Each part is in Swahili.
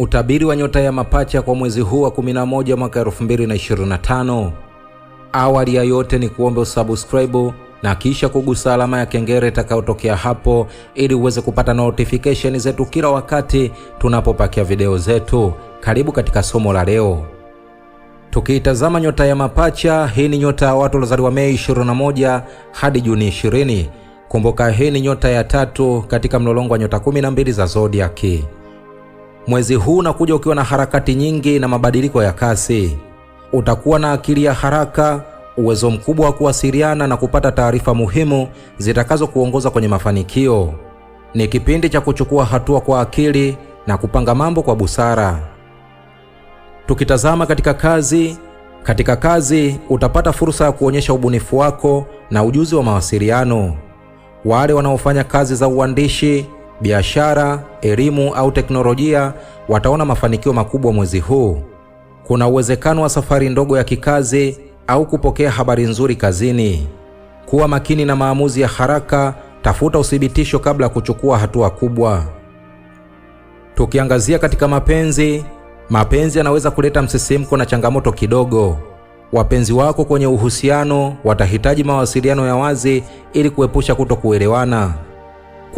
Utabiri wa nyota ya mapacha kwa mwezi huu wa 11 mwaka 2025. Awali ya yote ni kuombe usubscribe na kisha kugusa alama ya kengele itakayotokea hapo ili uweze kupata notification zetu kila wakati tunapopakia video zetu. Karibu katika somo la leo. Tukiitazama nyota ya mapacha, hii ni nyota ya watu waliozaliwa Mei 21 hadi Juni 20. Kumbuka hii ni nyota ya tatu katika mlolongo wa nyota 12 za zodiaki. Mwezi huu unakuja ukiwa na harakati nyingi na mabadiliko ya kasi. Utakuwa na akili ya haraka, uwezo mkubwa wa kuwasiliana na kupata taarifa muhimu zitakazokuongoza kwenye mafanikio. Ni kipindi cha kuchukua hatua kwa akili na kupanga mambo kwa busara. Tukitazama katika kazi, katika kazi utapata fursa ya kuonyesha ubunifu wako na ujuzi wa mawasiliano. Wale wanaofanya kazi za uandishi biashara, elimu au teknolojia wataona mafanikio makubwa mwezi huu. Kuna uwezekano wa safari ndogo ya kikazi au kupokea habari nzuri kazini. Kuwa makini na maamuzi ya haraka, tafuta uthibitisho kabla ya kuchukua hatua kubwa. Tukiangazia katika mapenzi, mapenzi yanaweza kuleta msisimko na changamoto kidogo. Wapenzi wako kwenye uhusiano watahitaji mawasiliano ya wazi ili kuepusha kutokuelewana.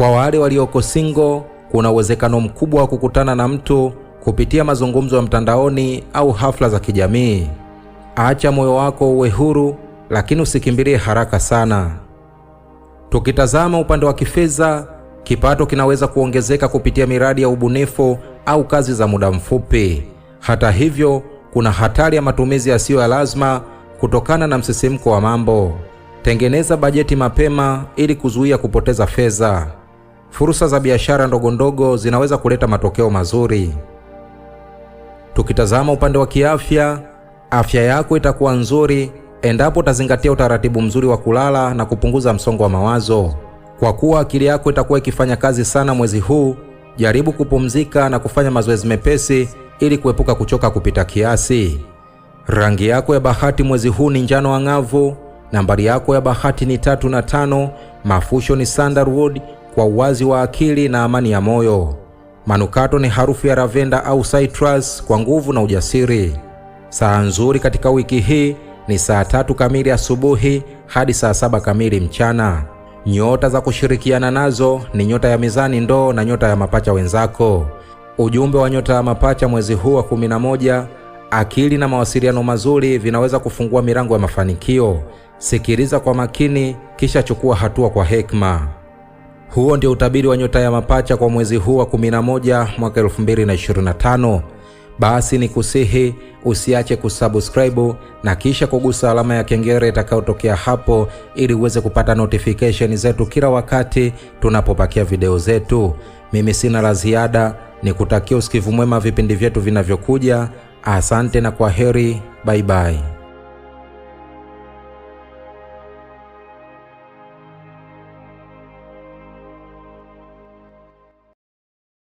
Kwa wale walioko single, kuna uwezekano mkubwa wa kukutana na mtu kupitia mazungumzo ya mtandaoni au hafla za kijamii. Acha moyo wako uwe huru, lakini usikimbilie haraka sana. Tukitazama upande wa kifedha, kipato kinaweza kuongezeka kupitia miradi ya ubunifu au kazi za muda mfupi. Hata hivyo, kuna hatari ya matumizi yasiyo ya lazima kutokana na msisimko wa mambo. Tengeneza bajeti mapema ili kuzuia kupoteza fedha fursa za biashara ndogo ndogo zinaweza kuleta matokeo mazuri. Tukitazama upande wa kiafya, afya yako itakuwa nzuri endapo utazingatia utaratibu mzuri wa kulala na kupunguza msongo wa mawazo. Kwa kuwa akili yako itakuwa ikifanya kazi sana mwezi huu, jaribu kupumzika na kufanya mazoezi mepesi ili kuepuka kuchoka kupita kiasi. Rangi yako ya bahati mwezi huu ni njano ang'avu. Nambari yako ya bahati ni tatu na tano. Mafusho ni sandalwood kwa uwazi wa akili na amani ya moyo. Manukato ni harufu ya lavenda au citrus kwa nguvu na ujasiri. Saa nzuri katika wiki hii ni saa tatu kamili asubuhi hadi saa saba kamili mchana. Nyota za kushirikiana nazo ni nyota ya mizani ndoo na nyota ya mapacha wenzako. Ujumbe wa nyota ya mapacha mwezi huu wa 11: akili na mawasiliano mazuri vinaweza kufungua milango ya mafanikio. Sikiliza kwa makini, kisha chukua hatua kwa hekima. Huo ndio utabiri wa nyota ya mapacha kwa mwezi huu wa 11 mwaka 2025. Basi ni kusihi usiache kusubscribe na kisha kugusa alama ya kengele itakayotokea hapo ili uweze kupata notification zetu kila wakati tunapopakia video zetu. Mimi sina la ziada, ni kutakia usikivu mwema vipindi vyetu vinavyokuja. Asante na kwa heri, bye bye.